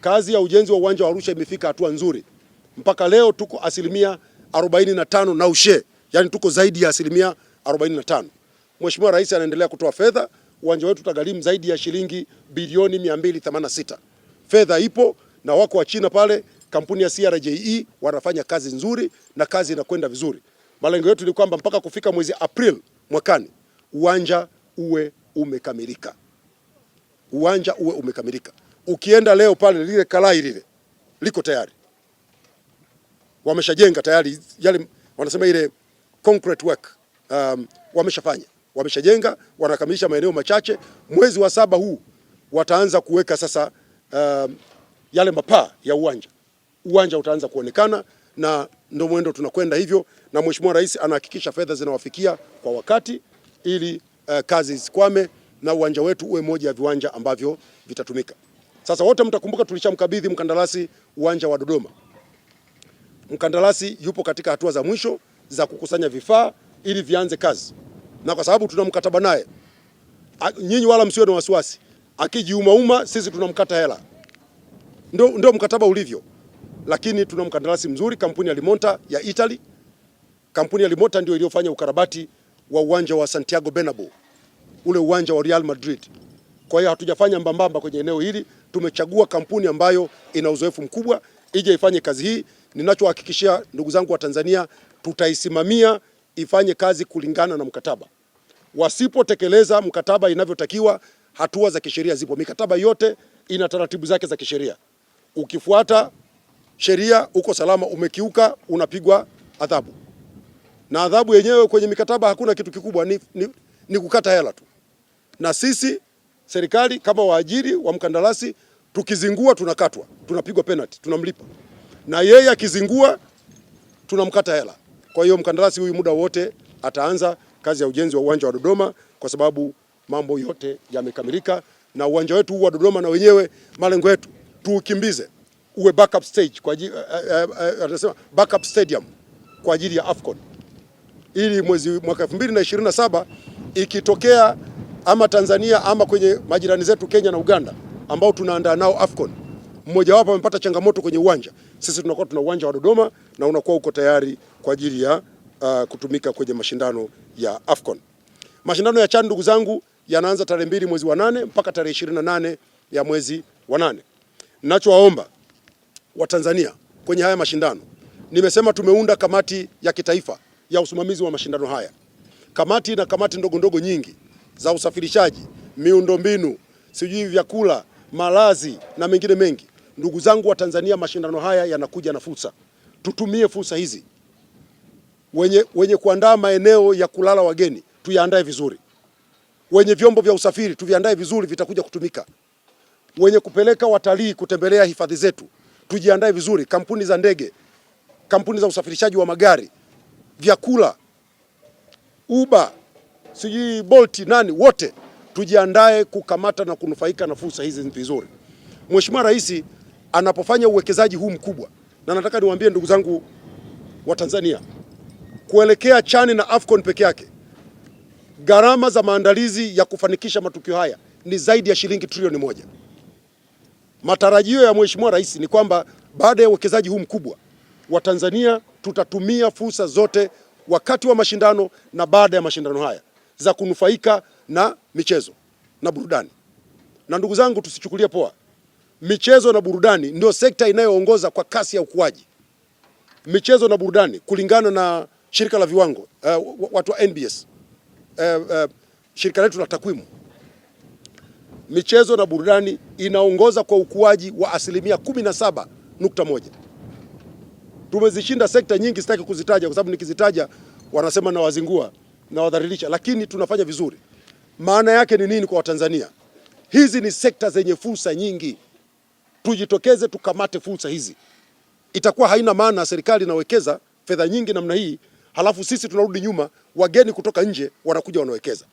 Kazi ya ujenzi wa uwanja wa Arusha imefika hatua nzuri, mpaka leo tuko asilimia 45 na ushe, yani tuko zaidi ya asilimia 45. Mheshimiwa Rais anaendelea kutoa fedha, uwanja wetu utagharimu zaidi ya shilingi bilioni 286. Fedha ipo na wako wa China pale, kampuni ya CRJE wanafanya kazi nzuri na kazi inakwenda vizuri. Malengo yetu ni kwamba mpaka kufika mwezi April mwakani uwanja uwe umekamilika, uwanja uwe umekamilika. Ukienda leo pale lile kalai lile liko tayari, wameshajenga tayari, yale wanasema ile concrete work um, wameshafanya wameshajenga, wanakamilisha maeneo machache. Mwezi wa saba huu wataanza kuweka sasa um, yale mapaa ya uwanja, uwanja utaanza kuonekana na ndio mwendo tunakwenda hivyo, na Mheshimiwa Rais anahakikisha fedha zinawafikia kwa wakati ili uh, kazi zisikwame na uwanja wetu uwe moja ya viwanja ambavyo vitatumika. Sasa wote mtakumbuka tulishamkabidhi mkandarasi uwanja wa Dodoma. Mkandarasi yupo katika hatua za mwisho za kukusanya vifaa ili vianze kazi, na kwa sababu tuna mkataba naye, nyinyi wala msiwe na wasiwasi, akijiumauma sisi tunamkata hela. Ndio, ndio mkataba ulivyo, lakini tuna mkandarasi mzuri, kampuni ya Limonta ya Italy. Kampuni ya Limonta ndio iliyofanya ukarabati wa uwanja wa Santiago Bernabeu, ule uwanja wa Real Madrid. Kwa hiyo hatujafanya mbambamba kwenye eneo hili, tumechagua kampuni ambayo ina uzoefu mkubwa ije ifanye kazi hii. Ninachohakikishia ndugu zangu wa Tanzania, tutaisimamia ifanye kazi kulingana na mkataba. Wasipotekeleza mkataba inavyotakiwa, hatua za kisheria zipo. Mikataba yote ina taratibu zake za kisheria. Ukifuata sheria uko salama, umekiuka unapigwa adhabu, na adhabu yenyewe kwenye mikataba hakuna kitu kikubwa, ni, ni, ni kukata hela tu, na sisi serikali kama waajiri wa mkandarasi, tukizingua tunakatwa, tunapigwa penalty, tunamlipa na yeye akizingua tunamkata hela. Kwa hiyo mkandarasi huyu muda wote ataanza kazi ya ujenzi wa uwanja wa Dodoma kwa sababu mambo yote yamekamilika, na uwanja wetu huu wa Dodoma na wenyewe malengo yetu tuukimbize uwe backup stage kwa ajili, eh, eh, eh, anasema backup stadium kwa ajili ya Afcon, ili mwezi mwaka 2027 ikitokea ama Tanzania ama kwenye majirani zetu Kenya na Uganda ambao tunaandaa nao AFCON, mmoja wapo amepata changamoto kwenye uwanja, sisi tunakuwa tuna uwanja wa Dodoma na unakuwa uko tayari kwa ajili ya uh, kutumika kwenye mashindano ya AFCON. Mashindano ya CHAN ndugu zangu yanaanza tarehe mbili mwezi wa nane mpaka tarehe ishirini na nane ya mwezi wa nane. Ninachowaomba Watanzania kwenye haya mashindano, nimesema tumeunda kamati ya kitaifa ya usimamizi wa mashindano haya, kamati na kamati ndogo ndogo nyingi za usafirishaji, miundombinu, sijui vyakula, malazi na mengine mengi. Ndugu zangu wa Tanzania, mashindano haya yanakuja na fursa, tutumie fursa hizi. Wenye, wenye kuandaa maeneo ya kulala wageni tuyaandae vizuri, wenye vyombo vya usafiri tuviandae vizuri, vitakuja kutumika. Wenye kupeleka watalii kutembelea hifadhi zetu tujiandae vizuri, kampuni za ndege, kampuni za usafirishaji wa magari, vyakula, Uber sijui Bolti nani, wote tujiandae kukamata na kunufaika na fursa hizi vizuri. Mheshimiwa Rais anapofanya uwekezaji huu mkubwa, na nataka niwaambie ndugu zangu wa Tanzania, kuelekea Chani na Afcon peke yake gharama za maandalizi ya kufanikisha matukio haya ni zaidi ya shilingi trilioni moja. Matarajio ya Mheshimiwa Rais ni kwamba baada ya uwekezaji huu mkubwa, wa tanzania tutatumia fursa zote wakati wa mashindano na baada ya mashindano haya za kunufaika na michezo na burudani. Na ndugu zangu, tusichukulie poa, michezo na burudani ndio sekta inayoongoza kwa kasi ya ukuaji. Michezo na burudani kulingana na shirika la viwango uh, watu wa NBS uh, eh, uh, eh, shirika letu la takwimu, michezo na burudani inaongoza kwa ukuaji wa asilimia moja. Tumezishinda sekta nyingi, sitaki kuzitaja kwa sababu nikizitaja wanasema na wazingua na wadhalilisha, lakini tunafanya vizuri. Maana yake ni nini kwa Watanzania? Hizi ni sekta zenye fursa nyingi, tujitokeze tukamate fursa hizi. Itakuwa haina maana serikali inawekeza fedha nyingi namna hii, halafu sisi tunarudi nyuma, wageni kutoka nje wanakuja wanawekeza.